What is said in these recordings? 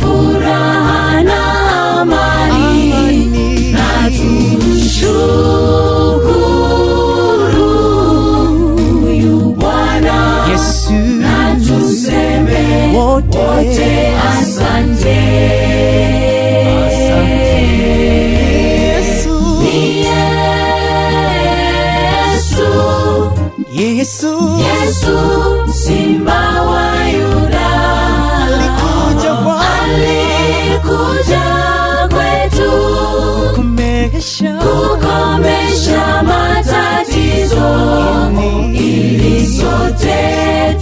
furaha na amani, na tumshukuru huyu Bwana Yesu, na tuseme wote asante.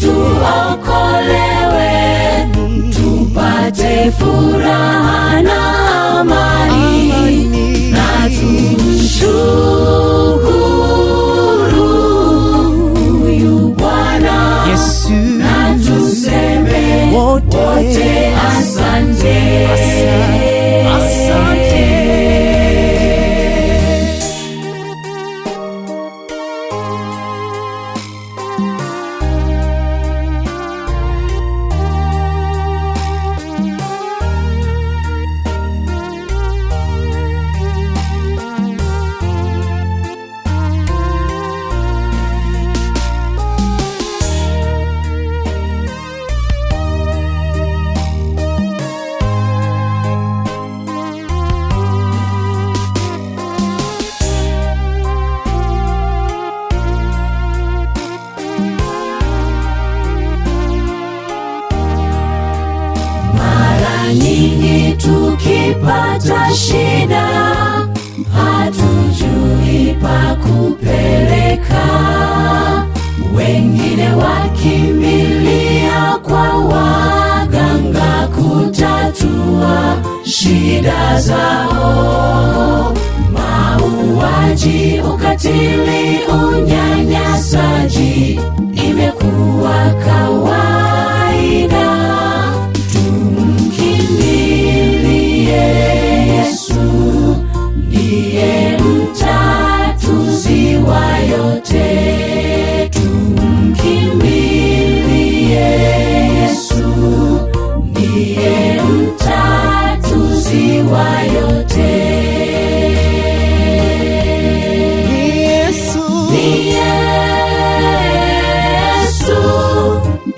tuokolewe, tupate furaha na amani, amani. Na tumshukuru huyu Bwana Yesu. shida, hatujui pa kupeleka, wengine wakimbilia kwa waganga kutatua shida zao. Mauaji, ukatili, unyanyasaji imekuwa kawa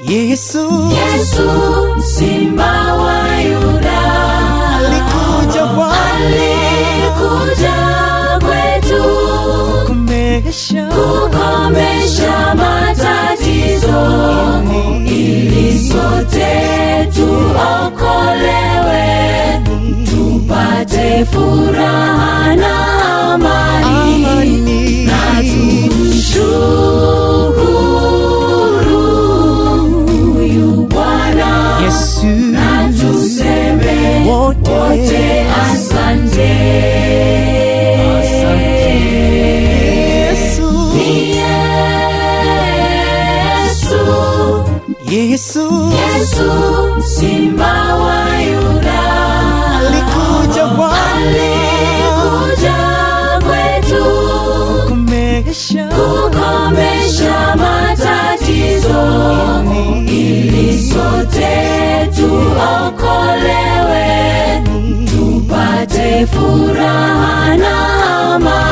Yesu, Yesu simba wa Yuda alikuja kwa alikuja kwetu kukomesha, kukomesha matatizo ili sote tuokolewe tupate furaha. Yesu, Yesu simba wa Yuda alikuja kwetu kukomesha, kukomesha matatizo ili sote tuokolewe tupate furaha na amani.